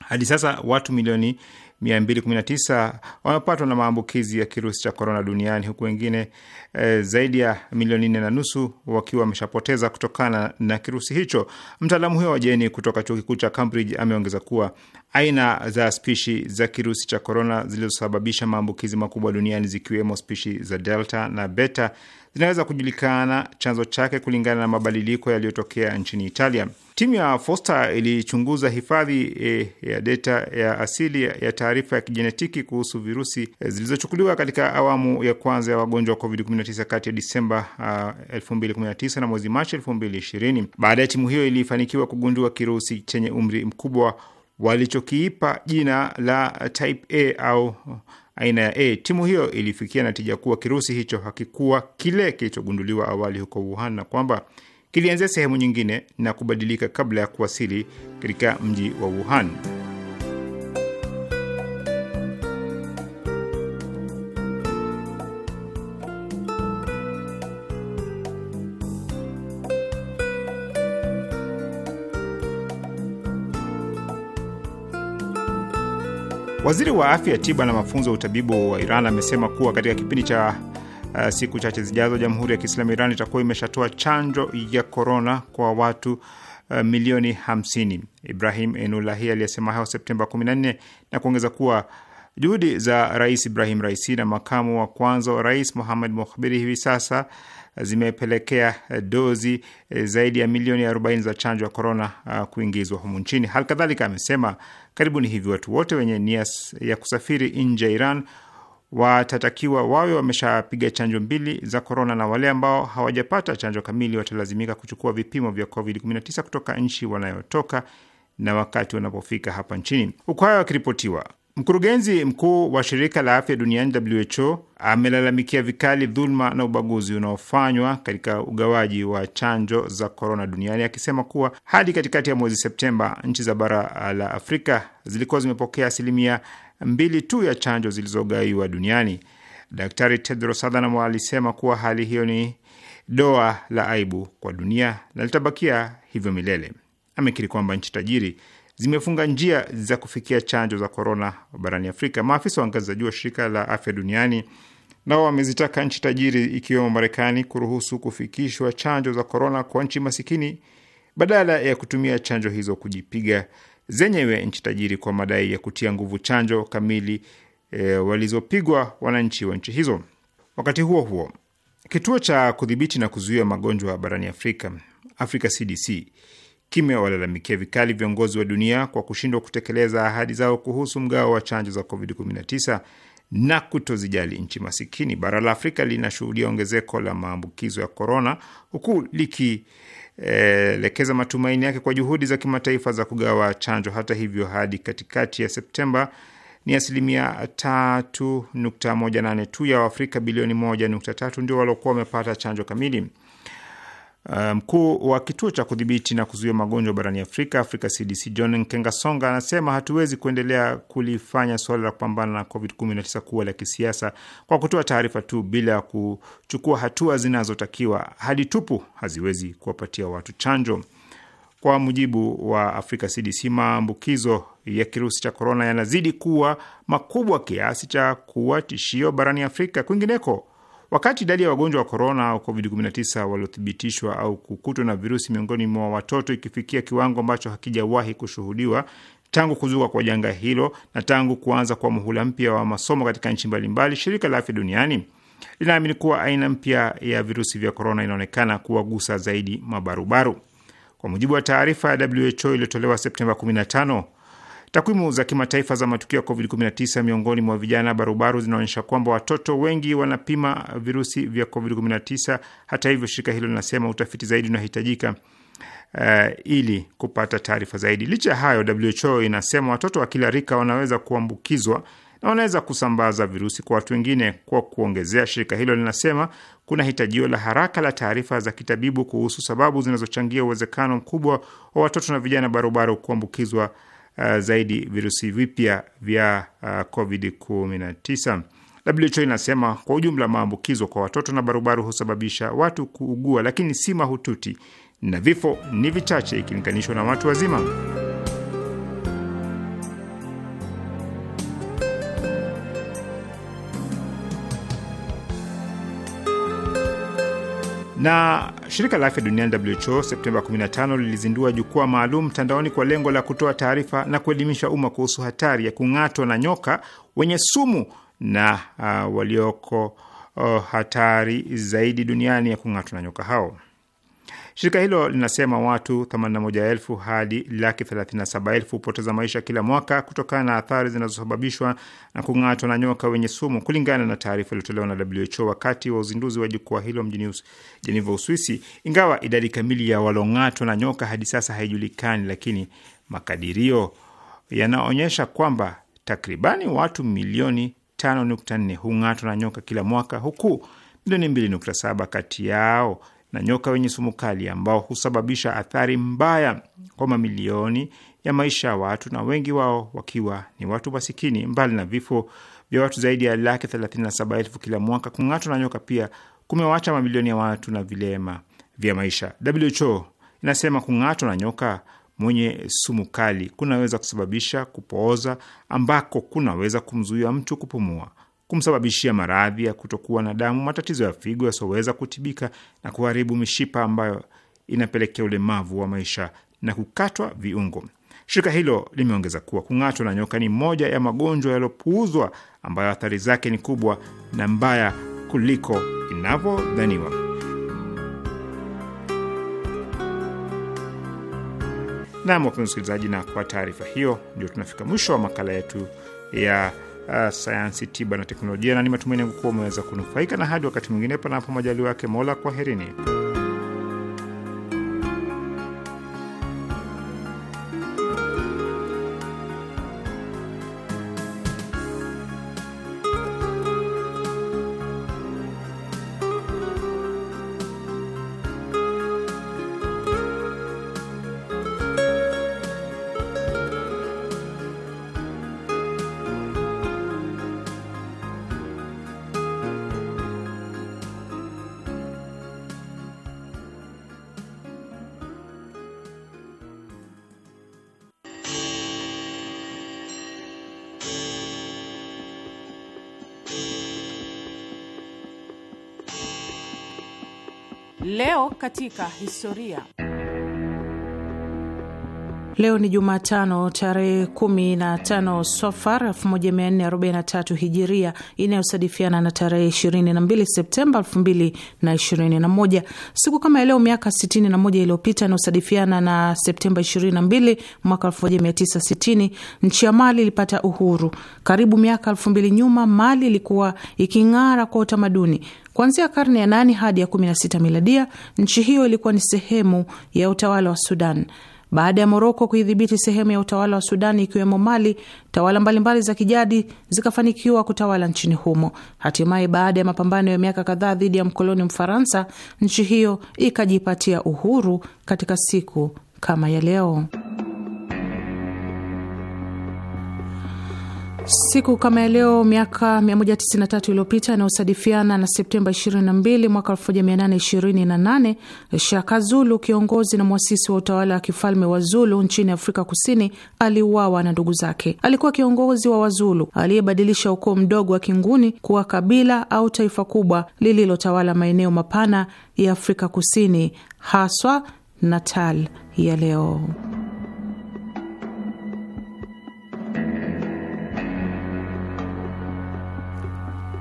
Hadi sasa watu milioni 219 wamepatwa na maambukizi ya kirusi cha korona duniani huku wengine e, zaidi ya milioni nne na nusu wakiwa wameshapoteza kutokana na kirusi hicho. Mtaalamu huyo wa jeni kutoka chuo kikuu cha Cambridge ameongeza kuwa aina za spishi za kirusi cha korona zilizosababisha maambukizi makubwa duniani zikiwemo spishi za delta na beta zinaweza kujulikana chanzo chake kulingana na mabadiliko yaliyotokea nchini Italia. Timu ya Foster ilichunguza hifadhi e, ya data ya asili ya taarifa ya kijenetiki kuhusu virusi e, zilizochukuliwa katika awamu ya kwanza ya wagonjwa wa COVID-19 kati ya Disemba uh, eh, 2019 na mwezi Machi 2020. Baada ya timu hiyo ilifanikiwa kugundua kirusi chenye umri mkubwa walichokiipa jina la Type A au aina ya A. Timu hiyo ilifikia natija kuwa kirusi hicho hakikuwa kile kilichogunduliwa awali huko Wuhan na kwamba kilianzia sehemu nyingine na kubadilika kabla ya kuwasili katika mji wa Wuhan. Waziri wa afya, tiba na mafunzo ya utabibu wa Iran amesema kuwa katika kipindi cha uh, siku chache zijazo, Jamhuri ya Kiislamu Iran itakuwa imeshatoa chanjo ya korona kwa watu uh, milioni 50. Ibrahim Enulahi aliyesema hayo Septemba 14 na kuongeza kuwa juhudi za Rais Ibrahim Raisi na makamu wa kwanza wa rais Mohamed Mohbiri hivi sasa eh, zimepelekea dozi zaidi ya milioni 40 za chanjo ya korona kuingizwa humu nchini. Hali kadhalika amesema Karibuni hivi watu wote wenye nia ya kusafiri nje ya Iran watatakiwa wawe wameshapiga chanjo mbili za korona, na wale ambao hawajapata chanjo kamili watalazimika kuchukua vipimo vya COVID-19 kutoka nchi wanayotoka na wakati wanapofika hapa nchini. Huku hayo yakiripotiwa, Mkurugenzi mkuu wa shirika la afya duniani WHO amelalamikia vikali dhuluma na ubaguzi unaofanywa katika ugawaji wa chanjo za korona duniani akisema kuwa hadi katikati ya mwezi Septemba nchi za bara la Afrika zilikuwa zimepokea asilimia mbili tu ya chanjo zilizogaiwa duniani. Daktari Tedros Adhanom alisema kuwa hali hiyo ni doa la aibu kwa dunia na litabakia hivyo milele. Amekiri kwamba nchi tajiri zimefunga njia za kufikia chanjo za korona barani Afrika. Maafisa wa ngazi za juu wa shirika la afya duniani nao wamezitaka nchi tajiri ikiwemo Marekani kuruhusu kufikishwa chanjo za korona kwa nchi masikini badala ya kutumia chanjo hizo kujipiga zenyewe nchi tajiri kwa madai ya kutia nguvu chanjo kamili e, walizopigwa wananchi wa nchi hizo. Wakati huo huo, kituo cha kudhibiti na kuzuia magonjwa barani Afrika, Africa CDC, kimewalalamikia vikali viongozi wa dunia kwa kushindwa kutekeleza ahadi zao kuhusu mgao wa chanjo za COVID-19 na kutozijali nchi masikini. Bara la Afrika linashuhudia ongezeko la maambukizo ya korona, huku likielekeza matumaini yake kwa juhudi za kimataifa za kugawa chanjo. Hata hivyo, hadi katikati ya Septemba ni asilimia 318 tu ya Waafrika bilioni 13 ndio waliokuwa wamepata chanjo kamili. Uh, mkuu um, wa kituo cha kudhibiti na kuzuia magonjwa barani Afrika, afrika CDC, John Nkengasonga anasema hatuwezi kuendelea kulifanya suala la kupambana na COVID-19 kuwa la kisiasa kwa kutoa taarifa tu bila kuchukua hatua zinazotakiwa. Hadi tupu haziwezi kuwapatia watu chanjo. Kwa mujibu wa afrika CDC, maambukizo ya kirusi cha korona yanazidi kuwa makubwa kiasi cha kuwa tishio barani Afrika. Kwingineko Wakati idadi ya wagonjwa wa korona au covid-19 waliothibitishwa au kukutwa na virusi miongoni mwa watoto ikifikia kiwango ambacho hakijawahi kushuhudiwa tangu kuzuka kwa janga hilo na tangu kuanza kwa muhula mpya wa masomo katika nchi mbalimbali, shirika la afya duniani linaamini kuwa aina mpya ya virusi vya korona inaonekana kuwagusa zaidi mabarubaru. Kwa mujibu wa taarifa ya WHO iliyotolewa Septemba 15 Takwimu za kimataifa za matukio ya COVID-19 miongoni mwa vijana barubaru zinaonyesha kwamba watoto wengi wanapima virusi vya COVID-19. Hata hivyo, shirika hilo linasema utafiti zaidi unahitajika uh, ili kupata taarifa zaidi. Licha ya hayo, WHO inasema watoto wa kila rika wanaweza kuambukizwa na wanaweza kusambaza virusi kwa watu wengine. Kwa kuongezea, shirika hilo linasema kuna hitajio la haraka la taarifa za kitabibu kuhusu sababu zinazochangia uwezekano mkubwa wa watoto na vijana barubaru kuambukizwa Uh, zaidi virusi vipya vya uh, COVID-19. WHO inasema kwa ujumla maambukizo kwa watoto na barubaru husababisha watu kuugua, lakini si mahututi na vifo ni vichache ikilinganishwa na watu wazima. Na shirika la afya duniani WHO Septemba 15 lilizindua jukwaa maalum mtandaoni kwa lengo la kutoa taarifa na kuelimisha umma kuhusu hatari ya kung'atwa na nyoka wenye sumu na uh, walioko uh, hatari zaidi duniani ya kung'atwa na nyoka hao. Shirika hilo linasema watu 81,000 hadi laki 37,000 hupoteza maisha kila mwaka kutokana na athari zinazosababishwa na kung'atwa na nyoka wenye sumu, kulingana na taarifa iliyotolewa na WHO wakati wa uzinduzi wa jukwaa hilo mjini Jeneva, Uswisi. Ingawa idadi kamili ya walong'atwa na nyoka hadi sasa haijulikani, lakini makadirio yanaonyesha kwamba takribani watu milioni 5.4 hung'atwa na nyoka kila mwaka, huku milioni 2.7 kati yao na nyoka wenye sumu kali ambao husababisha athari mbaya kwa mamilioni ya maisha ya watu na wengi wao wakiwa ni watu masikini. Mbali na vifo vya watu zaidi ya laki 37 kila mwaka, kung'atwa na nyoka pia kumewacha mamilioni ya watu na vilema vya maisha. WHO inasema kung'atwa na nyoka mwenye sumu kali kunaweza kusababisha kupooza ambako kunaweza kumzuia mtu kupumua kumsababishia maradhi ya kutokuwa na damu, matatizo ya figo yasioweza kutibika na kuharibu mishipa ambayo inapelekea ulemavu wa maisha na kukatwa viungo. Shirika hilo limeongeza kuwa kung'atwa na nyoka ni moja ya magonjwa yaliyopuuzwa ambayo athari zake ni kubwa na mbaya kuliko inavyodhaniwa. Nam, wapenzi msikilizaji, na kwa taarifa hiyo ndio tunafika mwisho wa makala yetu ya uh, sayansi, tiba na teknolojia, na ni matumaini yangu kuwa umeweza kunufaika. Na hadi wakati mwingine, panapo majaliwa yake Mola, kwaherini. katika historia. Leo ni Jumatano tarehe 15 Sofar 1443 Hijiria, inayosadifiana na tarehe 22 Septemba 2021. Siku kama leo miaka 61 iliyopita, inayosadifiana na Septemba 22 mwaka 1960, nchi ya Mali ilipata uhuru. Karibu miaka 2000 nyuma, Mali ilikuwa iking'ara kwa utamaduni Kuanzia karne ya 8 hadi ya 16 miladia, nchi hiyo ilikuwa ni sehemu ya utawala wa Sudan. Baada ya Moroko kuidhibiti sehemu ya utawala wa sudan ikiwemo Mali, tawala mbalimbali za kijadi zikafanikiwa kutawala nchini humo. Hatimaye, baada ya mapambano ya miaka kadhaa dhidi ya mkoloni Mfaransa, nchi hiyo ikajipatia uhuru katika siku kama ya leo. Siku kama leo miaka 193 iliyopita inayosadifiana na Septemba 22 mwaka 1828, Shaka Zulu, kiongozi na mwasisi wa utawala wa kifalme wa Zulu nchini Afrika Kusini, aliuawa na ndugu zake. Alikuwa kiongozi wa Wazulu aliyebadilisha ukoo mdogo wa Kinguni kuwa kabila au taifa kubwa lililotawala maeneo mapana ya Afrika Kusini, haswa Natal ya leo.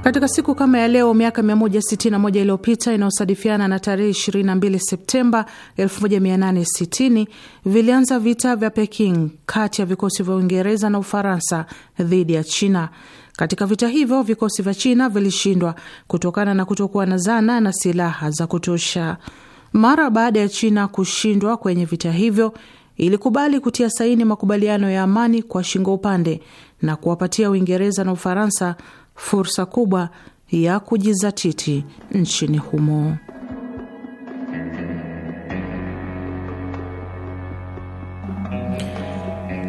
Katika siku kama ya leo miaka 161 iliyopita inayosadifiana na tarehe 22 Septemba 1860 vilianza vita vya Peking kati ya vikosi vya Uingereza na Ufaransa dhidi ya China. Katika vita hivyo vikosi vya China vilishindwa kutokana na kutokuwa na zana na silaha za kutosha. Mara baada ya China kushindwa kwenye vita hivyo, ilikubali kutia saini makubaliano ya amani kwa shingo upande na kuwapatia Uingereza na Ufaransa fursa kubwa ya kujizatiti nchini humo.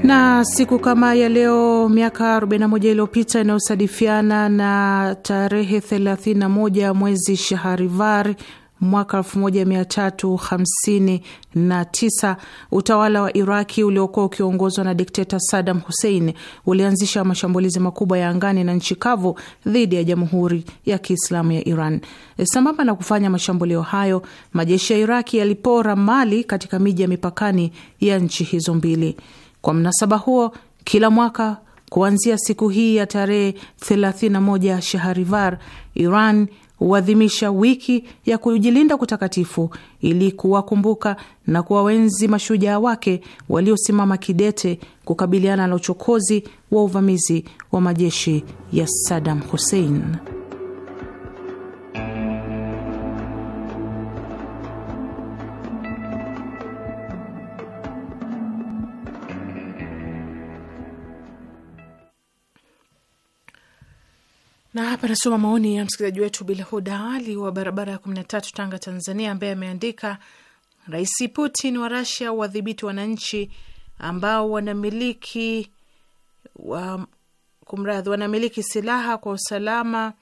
na siku kama ya leo miaka 41 iliyopita inayosadifiana na tarehe 31 mwezi Shaharivar mwaka 1359 utawala wa Iraki uliokuwa ukiongozwa na dikteta Saddam Hussein ulianzisha mashambulizi makubwa ya angani na nchi kavu dhidi ya Jamhuri ya Kiislamu ya Iran. E, sambamba na kufanya mashambulio hayo, majeshi ya Iraki yalipora mali katika miji ya mipakani ya nchi hizo mbili. Kwa mnasaba huo, kila mwaka kuanzia siku hii ya tarehe 31 shaharivar Iran huadhimisha wiki ya kujilinda kutakatifu ili kuwakumbuka na kuwawenzi mashujaa wake waliosimama kidete kukabiliana na uchokozi wa uvamizi wa majeshi ya Saddam Hussein. Na hapa nasoma maoni ya msikilizaji wetu huda Ali wa barabara ya kumi na tatu, Tanga, Tanzania, ambaye ameandika Rais Putin wa Rasia wadhibiti wananchi ambao wanamiliki wa, kumradhi wanamiliki silaha kwa usalama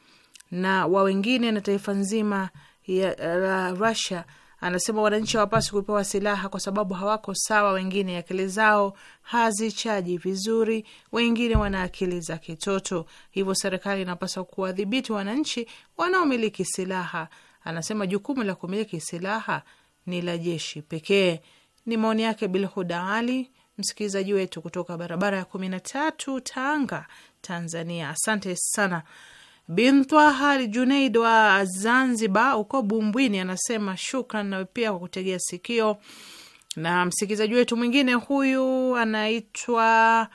na wa wengine na taifa nzima ya, la Rusia Anasema wananchi hawapaswi kupewa silaha kwa sababu hawako sawa, wengine akili zao hazichaji vizuri, wengine wana akili za kitoto, hivyo serikali inapaswa kuwadhibiti wananchi wanaomiliki silaha. Anasema jukumu la kumiliki silaha ni la jeshi pekee. Ni maoni yake Bilhuda Ali, msikilizaji wetu kutoka barabara ya kumi na tatu, Tanga, Tanzania. Asante sana. Bimtwahar Junaid wa Zanzibar uko Bumbwini anasema shukran, nawe pia kwa kutegea sikio. Na msikilizaji wetu mwingine huyu anaitwa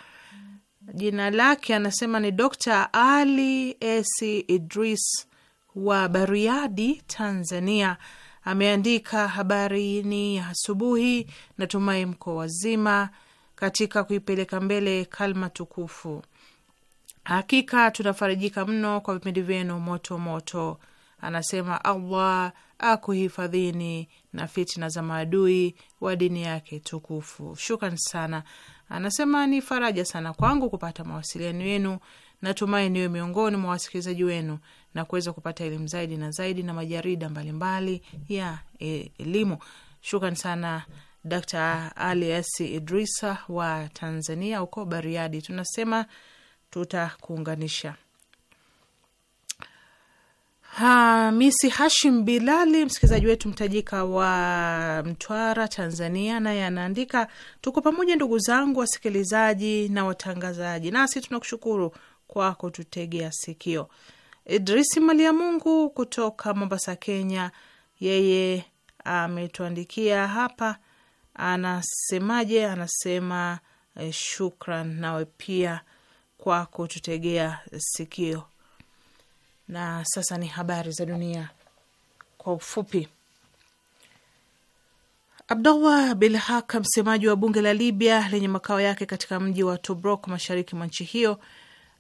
jina lake anasema ni Dr Ali S Idris wa Bariadi, Tanzania. Ameandika, habari ni ya asubuhi, natumai mko wazima katika kuipeleka mbele kalma tukufu Hakika tunafarijika mno kwa vipindi vyenu moto moto. Anasema Allah akuhifadhini na fitna za maadui wa dini yake tukufu. Shukran sana. Anasema ni faraja sana kwangu kupata mawasiliano yenu. Natumai niwe miongoni mwa wasikilizaji wenu na kuweza kupata elimu zaidi na zaidi na majarida mbalimbali mbali ya elimu. Shukran sana Dr Ali S. Idrisa wa Tanzania, huko Bariadi. Tunasema tutakuunganisha. Hamisi Hashim Bilali, msikilizaji wetu mtajika wa Mtwara, Tanzania, naye anaandika: tuko pamoja ndugu zangu wasikilizaji na watangazaji, nasi tunakushukuru kwa kututegea sikio. Idrisi Mali ya Mungu kutoka Mombasa, Kenya, yeye ametuandikia hapa, anasemaje? Anasema eh, shukran. Nawe pia kwa kututegea sikio. Na sasa ni habari za dunia kwa ufupi. Abdullah Bil Haq, msemaji wa bunge la Libya lenye makao yake katika mji wa tobrok mashariki mwa nchi hiyo,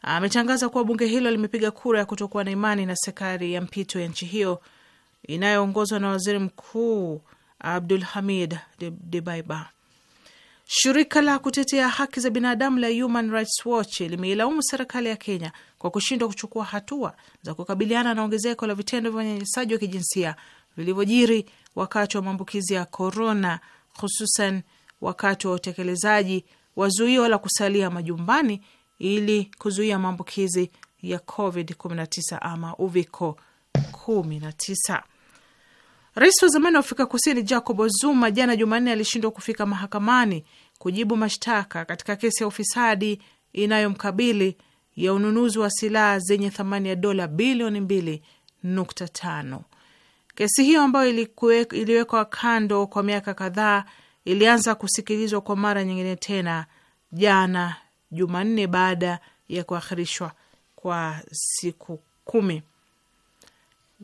ametangaza kuwa bunge hilo limepiga kura ya kutokuwa na imani na serikali ya mpito ya nchi hiyo inayoongozwa na waziri mkuu Abdul Hamid Dibaiba. Shirika la kutetea haki za binadamu la Human Rights Watch limeilaumu serikali ya Kenya kwa kushindwa kuchukua hatua za kukabiliana na ongezeko la vitendo vya unyanyasaji wa kijinsia vilivyojiri wakati wa maambukizi ya korona, hususan wakati wa utekelezaji wa zuio la kusalia majumbani ili kuzuia maambukizi ya COVID 19 ama uviko 19. Rais wa zamani wa Afrika Kusini Jacob Zuma jana Jumanne alishindwa kufika mahakamani kujibu mashtaka katika kesi ya ufisadi inayomkabili ya ununuzi wa silaha zenye thamani ya dola bilioni mbili nukta tano. Kesi hiyo ambayo iliwekwa kando kwa miaka kadhaa ilianza kusikilizwa kwa mara nyingine tena jana Jumanne baada ya kuahirishwa kwa siku kumi.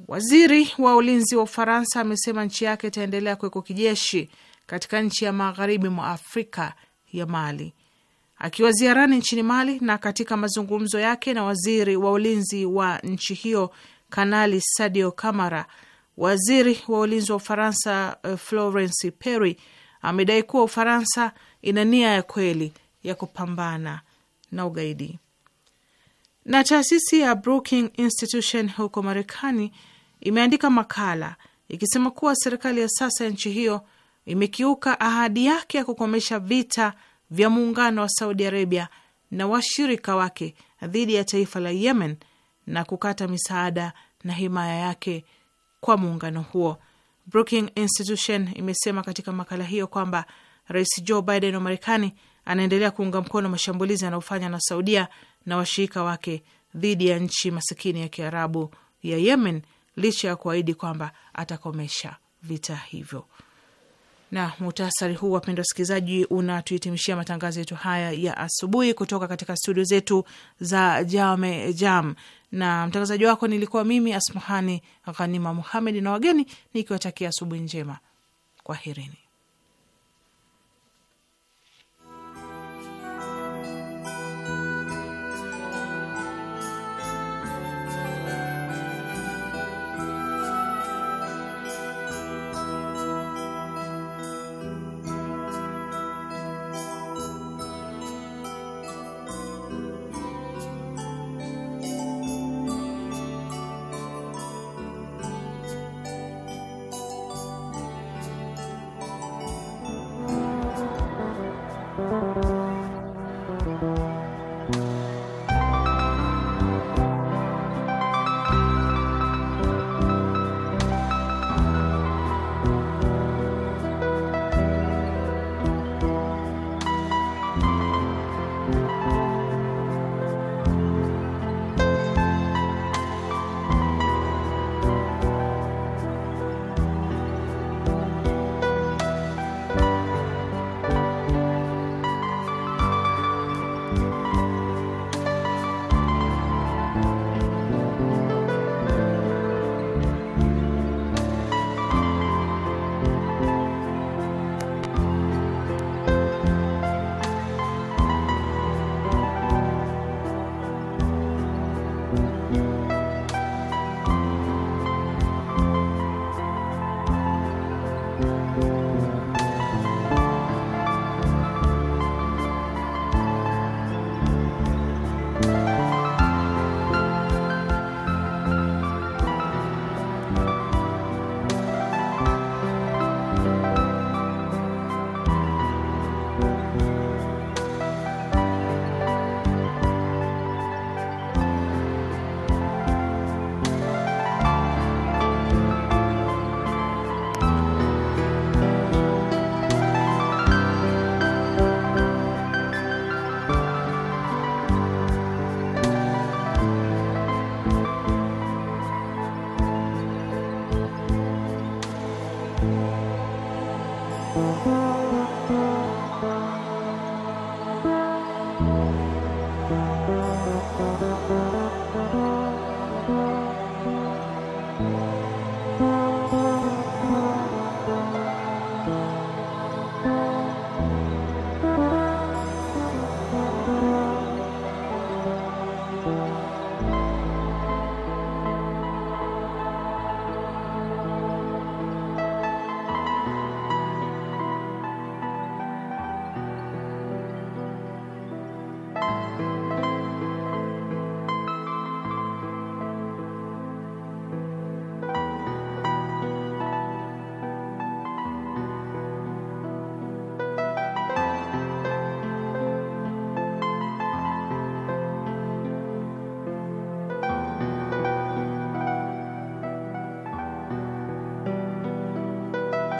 Waziri wa ulinzi wa Ufaransa amesema nchi yake itaendelea kuweko kijeshi katika nchi ya magharibi mwa Afrika ya Mali. Akiwa ziarani nchini Mali na katika mazungumzo yake na waziri wa ulinzi wa nchi hiyo Kanali Sadio Kamara, waziri wa ulinzi wa Ufaransa eh, Florence Perry amedai kuwa Ufaransa ina nia ya kweli ya kupambana na ugaidi. Na taasisi ya Brookings Institution huko Marekani imeandika makala ikisema kuwa serikali ya sasa ya nchi hiyo imekiuka ahadi yake ya kukomesha vita vya muungano wa Saudi Arabia na washirika wake dhidi ya taifa la Yemen na kukata misaada na himaya yake kwa muungano huo. Brookings Institution imesema katika makala hiyo kwamba Rais Joe Biden wa Marekani anaendelea kuunga mkono mashambulizi yanayofanya na Saudia na washirika wake dhidi ya nchi masikini ya kiarabu ya Yemen licha ya kuahidi kwamba atakomesha vita hivyo. Na muhtasari huu, wapendwa wasikilizaji, unatuhitimishia matangazo yetu haya ya asubuhi kutoka katika studio zetu za Jame Jam, na mtangazaji wako nilikuwa mimi Asmahani Ghanima Muhamed, na wageni nikiwatakia asubuhi njema, kwaherini.